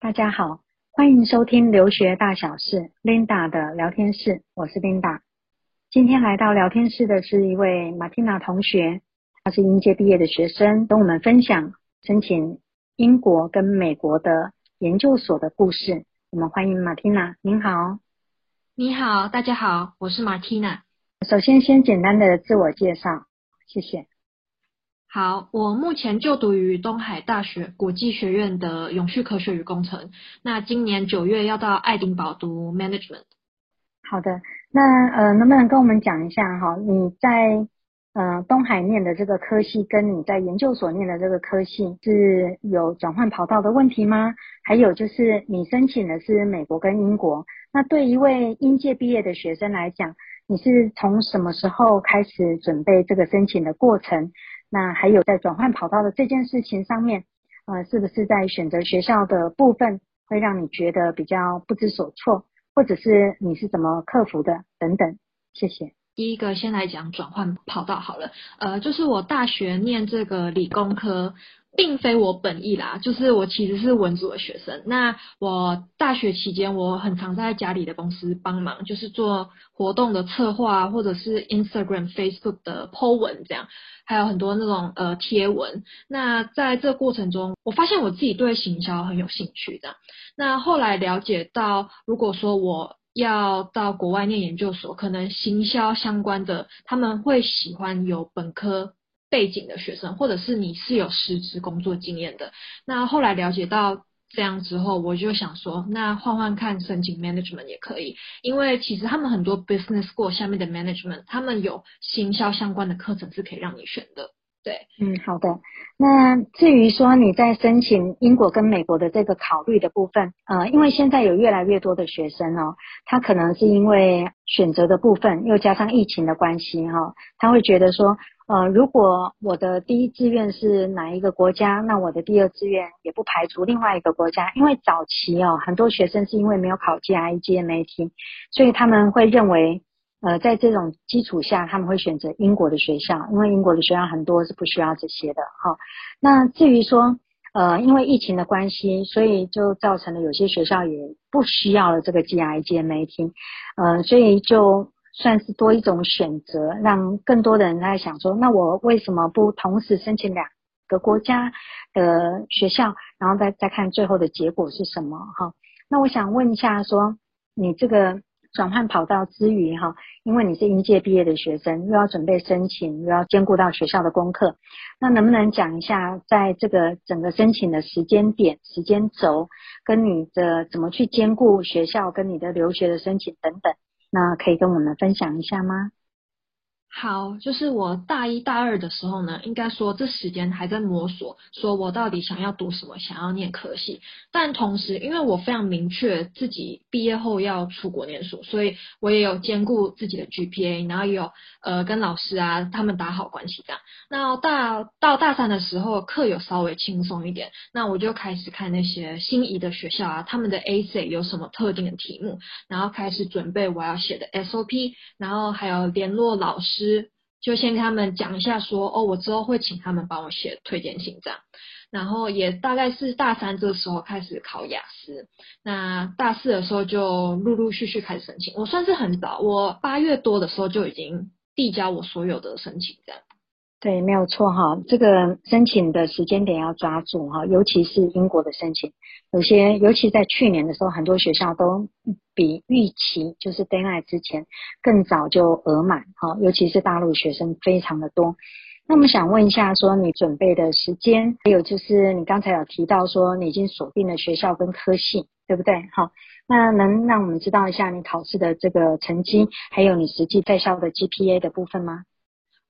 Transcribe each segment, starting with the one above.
大家好，歡迎收聽留學大小事 Linda 的聊天室，我是 Linda。今天來到聊天室的是一位 Martina 同學，他是應屆畢業的學生，跟我們分享申請英國跟美國的。研究所的故事，我們歡迎 Martina。您好，你好，大家好，我是 Martina。首先，先簡單的自我介紹，謝謝。好，我目前就讀於東海大學國際學院的永續科學與工程，那今年九月要到愛丁堡讀 management。好的，那呃，能不能跟我們講一下哈？你在嗯、呃，東海念的這個科系，跟你在研究所念的這個科系是有轉換跑道的問題嗎？還有就是你申請的是美國跟英國，那對一位應屆畢業的學生來講，你是從什麼時候開始準備這個申請的過程？那還有在轉換跑道的這件事情上面，呃，是不是在選擇學校的部分會讓你覺得比較不知所措，或者是你是怎麼克服的？等等，謝謝。第一個先來講，轉換跑道好了，呃，就是我大學念這個理工科，並非我本意啦，就是我其實是文組的學生。那我大學期間，我很常在家裡的公司幫忙，就是做活動的策劃，或者是 Instagram、Facebook 的 po 文這樣，還有很多那種呃貼文。那在這過程中，我發現我自己對行銷很有興趣的。那後來了解到，如果說我要到國外念研究所，可能行銷相關的他們會喜歡有本科背景的學生，或者是你是有實質工作經驗的。那後來了解到這樣之後，我就想說，那換換看申請 management 也可以，因為其實他們很多 business school 下面的 management，他們有行銷相關的課程是可以讓你選的。對，嗯，好的。那至於說你在申請英國跟美國的這個考慮的部分，呃，因為現在有越來越多的學生哦，他可能是因為選擇的部分又加上疫情的關係哈、哦，他會覺得說，呃，如果我的第一志願是哪一個國家，那我的第二志願也不排除另外一個國家，因為早期哦，很多學生是因為沒有考 GMAT，所以他們會認為。呃，在這種基礎下，他們會選擇英國的學校，因為英國的學校很多是不需要這些的哈、哦。那至於說，呃，因為疫情的關係，所以就造成了有些學校也不需要了這個 GRE、GMAT，呃，所以就算是多一種選擇，讓更多的人在想說，那我為什麼不同時申請兩個國家的學校，然後再再看最後的結果是什麼哈、哦？那我想問一下說，說你這個。轉換跑道之餘，哈，因為你是應屆畢業的學生，又要準備申請，又要兼顧到學校的功課，那能不能講一下，在這個整個申請的時間點、時間軸，跟你的怎麼去兼顧學校跟你的留學的申請等等，那可以跟我們分享一下嗎？好，就是我大一大二的時候呢，應該說這時間還在摸索，說我到底想要讀什麼，想要念科系。但同時，因為我非常明確自己畢業後要出國念書，所以我也有兼顧自己的 GPA，然後也有呃跟老師啊他們打好關係這樣。那大到，到大三的時候，課有稍微輕鬆一點，那我就開始看那些心儀的學校啊，他們的 A C 有什麼特定的題目，然後開始準備我要寫的 SOP，然後還有聯絡老師。就先跟他們講一下說，說哦，我之後會請他們幫我寫推薦信這樣，然後也大概是大三這個時候開始考雅思，那大四的時候就陸陸續續開始申請，我算是很早，我八月多的時候就已經遞交我所有的申請這樣。對，沒有錯哈，這個申請的時間點要抓住哈，尤其是英國的申請，有些尤其在去年的時候，很多學校都比預期，就是 deadline 之前更早就額滿哈，尤其是大陸學生非常的多。那我們想問一下，說你準備的時間，還有就是你剛才有提到說你已經鎖定了學校跟科系，對不對？哈，那能讓我們知道一下你考試的這個成績，還有你實際在校的 GPA 的部分嗎？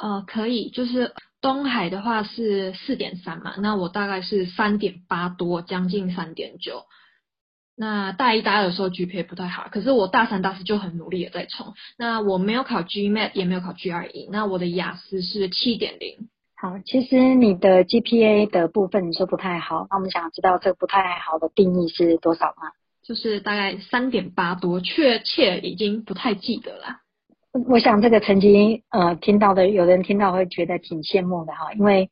呃，可以，就是東海的話是四點三嘛，那我大概是三點八多，將近三點九。那大一、大二的時候 GPA 不太好，可是我大三、大四就很努力的在衝。那我沒有考 GMAT，也沒有考 GRE，那我的雅思是七點零。好，其實你的 GPA 的部分你說不太好，那我們想知道這個不太好的定義是多少嗎？就是大概三點八多，確切已經不太記得了。我想這個成績，呃，聽到的有人聽到會覺得挺羨慕的哈，因為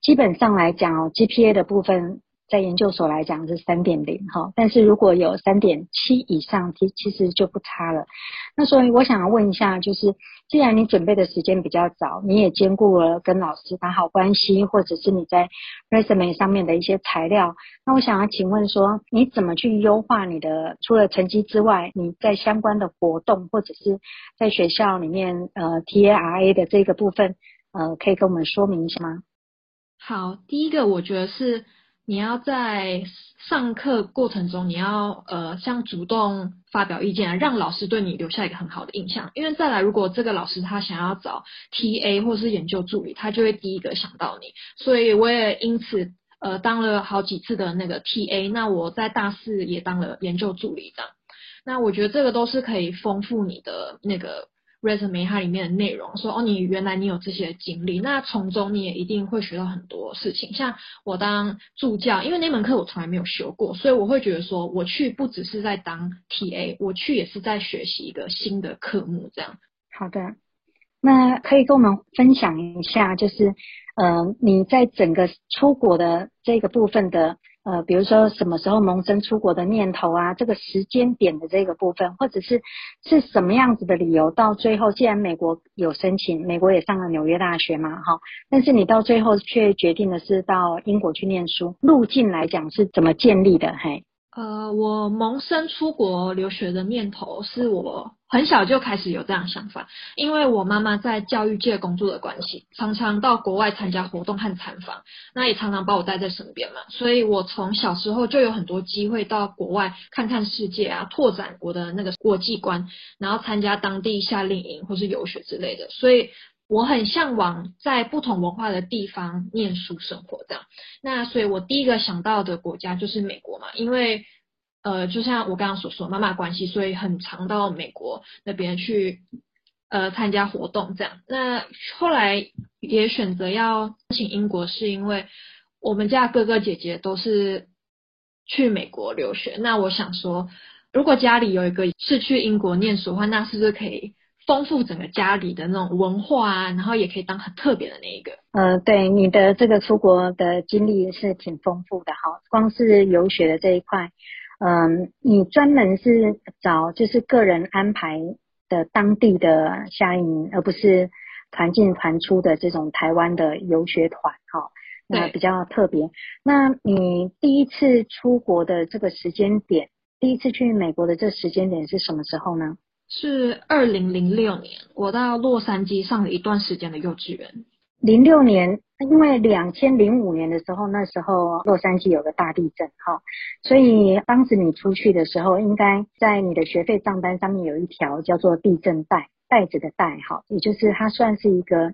基本上來講哦，GPA 的部分。在研究所來講是三點零哈，但是如果有三點七以上，其其實就不差了。那所以我想要問一下，就是既然你準備的時間比較早，你也兼顧了跟老師打好關係，或者是你在 resume 上面的一些材料，那我想要請問說，你怎麼去優化你的，除了成績之外，你在相關的活動，或者是在學校裡面，呃 T A R A 的這個部分，呃，可以跟我們說明一下嗎？好，第一個我覺得是。你要在上課過程中，你要呃像主動發表意見，讓老師對你留下一個很好的印象。因為再來，如果這個老師他想要找 TA 或是研究助理，他就會第一個想到你。所以我也因此呃當了好幾次的那個 TA，那我在大四也當了研究助理這樣。那我覺得這個都是可以豐富你的那個。resume 它裡面的內容，說哦，你原來你有這些經歷，那從中你也一定會學到很多事情。像我當助教，因為那門課我從來沒有修過，所以我會覺得說，我去不只是在當 TA，我去也是在學習一個新的科目。這樣。好的，那可以跟我們分享一下，就是嗯、呃，你在整個出國的這個部分的。呃，比如說什麼時候萌生出國的念頭啊，這個時間點的這個部分，或者是是什麼樣子的理由，到最後既然美國有申請，美國也上了紐約大學嘛，哈，但是你到最後卻決定的是到英國去念書，路徑來講是怎麼建立的？嘿，呃，我萌生出國留學的念頭是我。很小就開始有這樣想法，因為我媽媽在教育界工作的關係，常常到國外參加活動和參訪，那也常常把我帶在身邊嘛，所以我從小時候就有很多機會到國外看看世界啊，拓展我的那個國際觀，然後參加當地夏令營或是遊學之類的，所以我很向往在不同文化的地方念書生活這樣，那所以我第一個想到的國家就是美國嘛，因為。呃，就像我剛剛所說，媽媽關係，所以很常到美國那邊去呃參加活動這樣。那後來也選擇要申請英國，是因為我們家的哥哥姐姐都是去美國留學。那我想說，如果家裡有一個是去英國念書的話，那是不是可以豐富整個家裡的那種文化啊？然後也可以當很特別的那一個。呃，對，你的這個出國的經歷也是挺豐富的哈，光是遊學的這一塊。嗯，你專門是找就是個人安排的當地的夏令營，而不是團進團出的這種台灣的遊學團，齁，那比較特別。那你第一次出國的這個時間點，第一次去美國的這時間點是什麼時候呢？是二零零六年，我到洛杉磯上了一段時間的幼稚園。零六年，因為兩千零五年的時候，那時候洛杉磯有個大地震，好，所以當時你出去的時候，應該在你的學費賬單上面有一條叫做“地震袋”，袋子的袋，好，也就是它算是一個，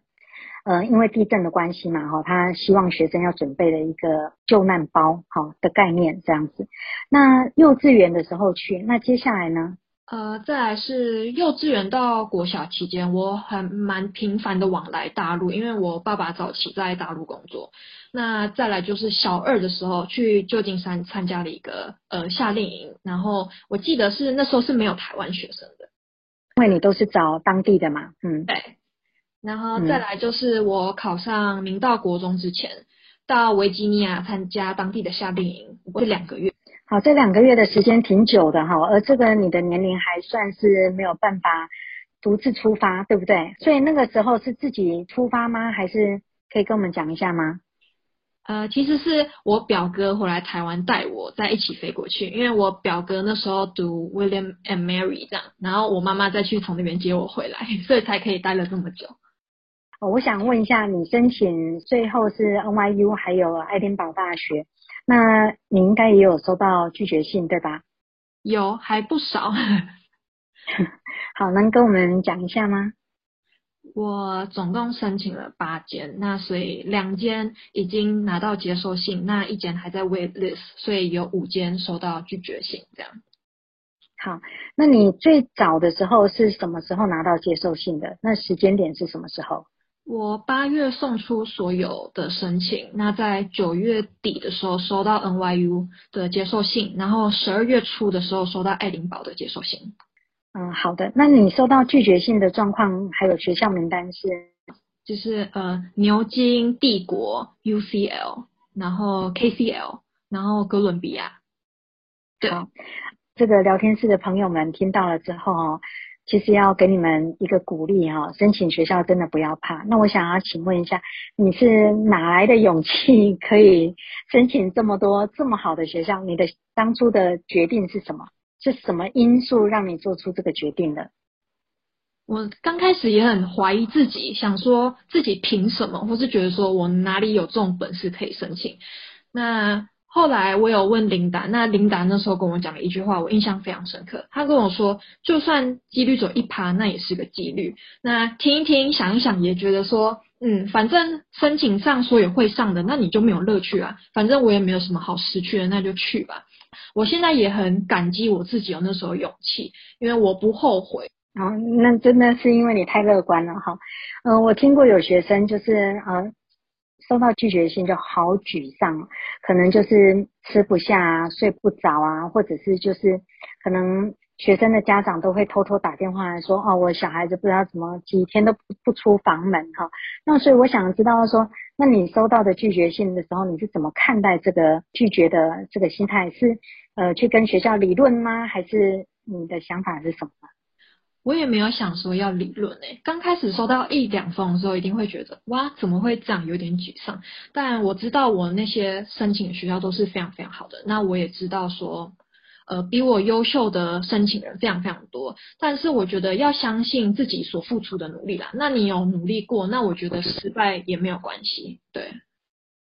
呃，因為地震的關係嘛，哈，他希望學生要準備的一個救難包，好，的概念這樣子。那幼稚園的時候去，那接下來呢？呃，再來是幼稚園到國小期間，我還蠻頻繁的往來大陸，因為我爸爸早期在大陸工作。那再來就是小二的時候去舊金山參加了一個呃夏令營，然後我記得是那時候是沒有台灣學生的，因為你都是找當地的嘛，嗯，對。然後再來就是我考上明道國中之前，到維吉尼亞參加當地的夏令營，這兩個月。好，這兩個月的時間挺久的哈，而這個你的年齡還算是沒有辦法獨自出發，對不對？所以那個時候是自己出發嗎？還是可以跟我們講一下嗎？呃，其實是我表哥回來台灣帶我再一起飛過去，因為我表哥那時候讀 William and Mary 這樣，然後我媽媽再去從那邊接我回來，所以才可以待了這麼久。我想問一下，你申請最後是 NYU 還有愛丁堡大學？那你應該也有收到拒絕信，對吧？有，還不少。 好，能跟我們講一下嗎？我總共申請了八間，那所以兩間已經拿到接受信，那一間還在 wait list，所以有五間收到拒絕信這樣。好，那你最早的時候是什麼時候拿到接受信的？那時間點是什麼時候？我八月送出所有的申請，那在九月底的時候收到 NYU 的接受信，然後十二月初的時候收到愛丁堡的接受信。嗯，好的，那你收到拒絕信的狀況還有學校名單是？就是呃，牛津、帝國、UCL，然後 KCL，然後哥倫比亞。對。好，這個聊天室的朋友們聽到了之後哦。其實要給你們一個鼓勵哈、哦，申請學校真的不要怕。那我想要請問一下，你是哪來的勇氣可以申請這麼多這麼好的學校？你的當初的決定是什麼？是什麼因素讓你做出這個決定的？我剛開始也很懷疑自己，想說自己憑什麼，或是覺得說我哪裡有這種本事可以申請。那。後來我有問琳達，那琳達那時候跟我講了一句話，我印象非常深刻。他跟我說，就算幾率只有一趴，那也是個幾率。那聽一聽，想一想，也覺得說，嗯，反正申請上說也會上的，那你就沒有樂趣啊。反正我也沒有什麼好失去的，那就去吧。我現在也很感激我自己有那時候勇氣，因為我不後悔。然、啊、後那真的是因為你太樂觀了哈。嗯、呃，我聽過有學生就是啊。收到拒絕信就好沮喪，可能就是吃不下啊，睡不着啊，或者是就是可能學生的家長都會偷偷打電話來說，哦，我小孩子不知道怎麼幾天都不不出房門哈，哦。那所以我想知道說，那你收到的拒絕信的時候，你是怎麼看待這個拒絕的這個心態？是，呃，去跟學校理論嗎？還是你的想法是什麼？我也沒有想說要理論哎、欸，剛開始收到一兩封的時候，一定會覺得哇，怎麼會這樣，有點沮喪。但我知道我那些申請的學校都是非常非常好的，那我也知道說，呃，比我優秀的申請人非常非常多。但是我覺得要相信自己所付出的努力啦。那你有努力過，那我覺得失敗也沒有關係。對，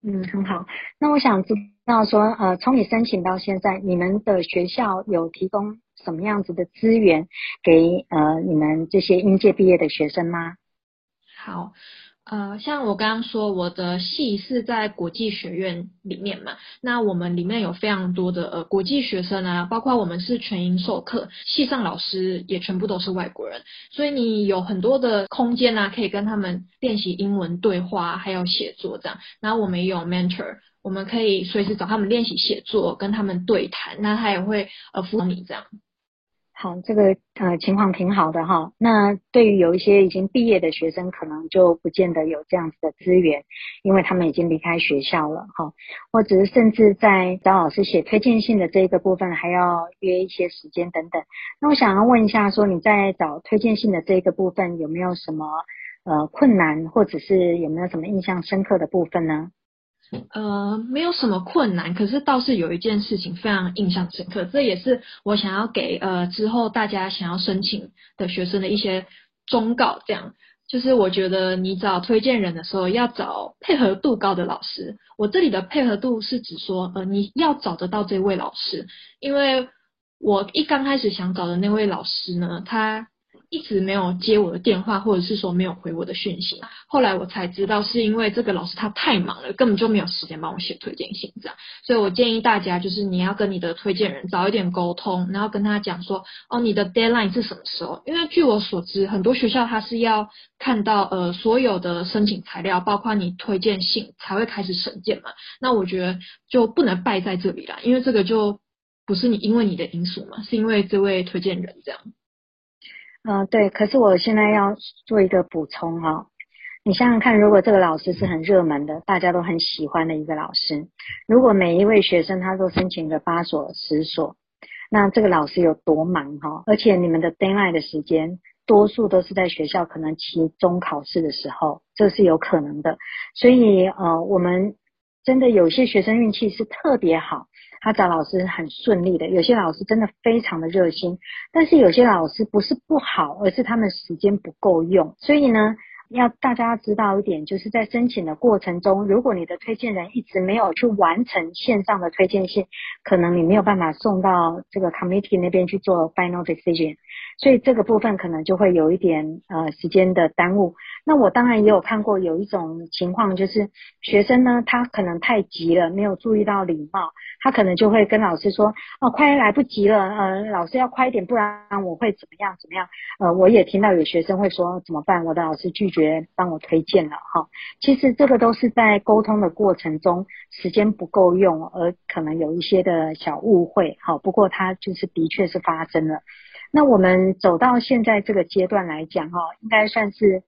嗯，很好。那我想知道說，呃，從你申請到現在，你們的學校有提供什麼樣子的資源給呃你們這些應屆畢業的學生嗎？好，呃像我剛剛說，我的系是在國際學院裡面嘛，那我們裡面有非常多的呃國際學生啊，包括我們是全英授課，系上老師也全部都是外國人，所以你有很多的空間啊，可以跟他們練習英文對話，還有寫作這樣。那我們也有 mentor，我們可以隨時找他們練習寫作，跟他們對談，那他也會呃輔導你這樣。好，這個呃情況挺好的哈。那對於有一些已經畢業的學生，可能就不見得有這樣子的資源，因為他們已經離開學校了哈，或者是甚至在找老師寫推薦信的這個部分，還要約一些時間等等。那我想要問一下，說你在找推薦信的這個部分，有沒有什麼呃困難，或者是有沒有什麼印象深刻的部分呢？呃，沒有什麼困難，可是倒是有一件事情非常印象深刻，這也是我想要給呃之後大家想要申請的學生的一些忠告，這樣。就是我覺得你找推薦人的時候要找配合度高的老師，我這裡的配合度是指說，呃，你要找得到這位老師，因為我一剛開始想找的那位老師呢，他一直沒有接我的電話，或者是說沒有回我的訊息。後來我才知道，是因為這個老師他太忙了，根本就沒有時間幫我寫推薦信。這樣，所以我建議大家，就是你要跟你的推薦人早一點溝通，然後跟他講說，哦，你的 deadline 是什麼時候？因為據我所知，很多學校他是要看到呃所有的申請材料，包括你推薦信，才會開始審件嘛。那我覺得就不能敗在這裡啦，因為這個就不是你因為你的因素嘛，是因為這位推薦人這樣。嗯，對，可是我現在要做一個補充哈、哦，你想想看，如果這個老師是很熱門的，大家都很喜歡的一個老師，如果每一位學生他都申請了八所、十所，那這個老師有多忙哈、哦？而且你們的 deadline 的時間，多數都是在學校，可能期中考試的時候，這是有可能的。所以呃，我們真的有些學生運氣是特別好。他找老師很順利的，有些老師真的非常的熱心，但是有些老師不是不好，而是他們時間不夠用。所以呢，要大家要知道一點，就是在申請的過程中，如果你的推薦人一直沒有去完成線上的推薦信，可能你沒有辦法送到這個 committee 那邊去做 final decision，所以這個部分可能就會有一點呃時間的耽誤。那我當然也有看過，有一種情況就是學生呢，他可能太急了，沒有注意到禮貌，他可能就會跟老師說：“哦，快來不及了，呃，老師要快一點，不然我會怎麼樣怎麼樣。”呃，我也聽到有學生會說，哦：“怎麼辦？我的老師拒絕幫我推薦了。”哦哈，其實這個都是在溝通的過程中時間不夠用，而可能有一些的小誤會。哈、哦，不過它就是的確是發生了。那我們走到現在這個階段來講，哈、哦，應該算是。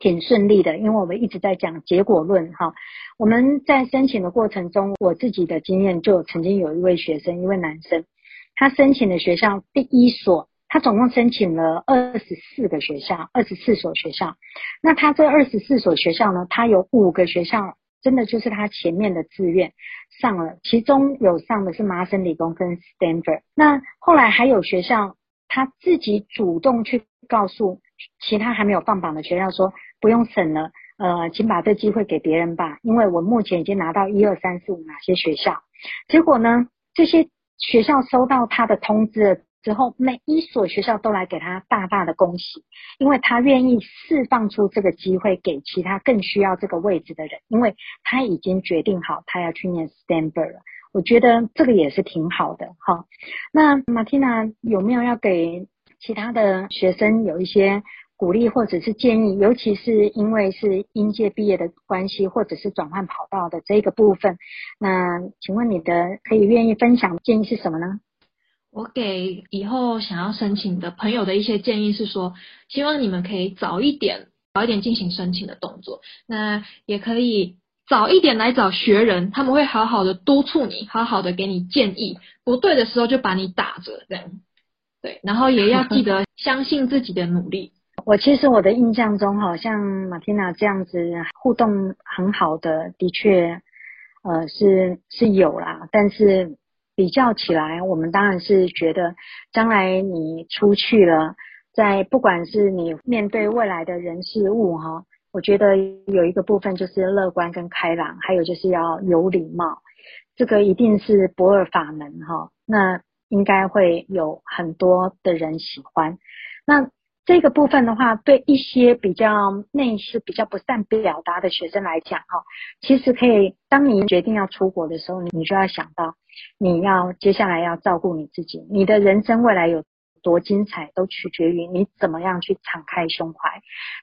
挺順利的，因為我們一直在講結果論哈。我們在申請的過程中，我自己的經驗就曾經有一位學生，一位男生，他申請的學校第一所，他總共申請了二十四個學校，二十四所學校。那他這二十四所學校呢，他有五個學校真的就是他前面的志願上了，其中有上的是麻省理工跟 Stanford。那後來還有學校他自己主動去告訴其他還沒有放榜的學校說。不用審了，呃，請把這機會給別人吧，因為我目前已經拿到一二三四五哪些學校。結果呢，這些學校收到他的通知了之後，每一所學校都來給他大大的恭喜，因為他願意釋放出這個機會給其他更需要這個位置的人，因為他已經決定好他要去念 Stanford 了。我覺得這個也是挺好的哈、哦。那 Martina 有沒有要給其他的學生有一些？鼓勵或者是建議，尤其是因為是應屆畢業的關係，或者是轉換跑道的這個部分，那請問你的可以願意分享的建議是什麼呢？我給以後想要申請的朋友的一些建議是說，希望你們可以早一點，早一點進行申請的動作。那也可以早一點來找學人，他們會好好的督促你，好好的給你建議，不對的時候就把你打着這樣。對，然後也要記得相信自己的努力。 我其實我的印象中、哦，好像 Martina 這樣子互動很好的，的確，呃，是是有啦。但是比較起來，我們當然是覺得，將來你出去了，在不管是你面對未來的人事物哈、哦，我覺得有一個部分就是樂觀跟開朗，還有就是要有禮貌，這個一定是不二法門哈、哦。那應該會有很多的人喜歡。那這個部分的話，對一些比較內心比較不善表達的學生來講，哈，其實可以。當你決定要出國的時候，你就要想到，你要接下來要照顧你自己，你的人生未來有多精彩，都取決於你怎麼樣去敞開胸懷。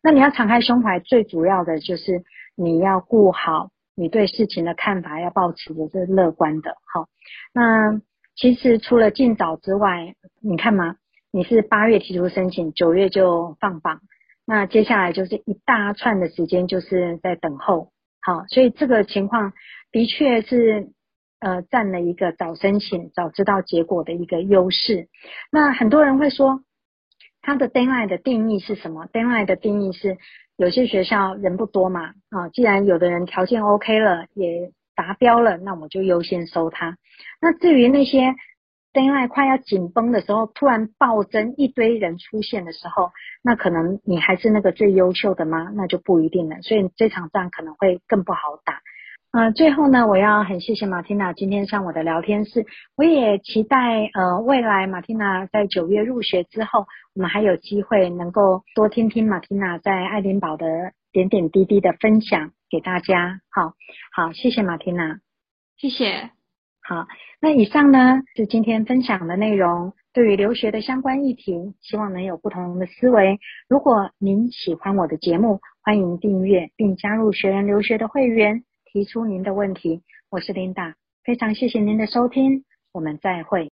那你要敞開胸懷，最主要的就是你要顧好你對事情的看法，要抱持的這是樂觀的，哈。那其實除了盡早之外，你看嘛你是八月提出申請，九月就放榜，那接下來就是一大串的時間，就是在等候。好，所以這個情況的確是呃占了一個早申請早知道結果的一個優勢。那很多人會說，他的 delay 的定義是什麼？delay 的定義是有些學校人不多嘛啊，既然有的人條件 OK 了，也達標了，那我就優先收他。那至於那些。真愛快要緊繃的時候，突然暴增一堆人出現的時候，那可能你還是那個最優秀的嗎？那就不一定了。所以這場仗可能會更不好打。嗯、呃，最後呢，我要很謝謝 Martina 今天上我的聊天室，我也期待呃未來 Martina 在九月入學之後，我們還有機會能夠多聽聽 Martina 在愛丁堡的點點滴滴的分享給大家。好，好，謝謝 Martina，謝謝。好，那以上呢是今天分享的內容。對於留學的相關議題，希望能有不同的思維。如果您喜歡我的節目，歡迎訂閱並加入學人留學的會員，提出您的問題。我是琳達，非常謝謝您的收聽，我們再會。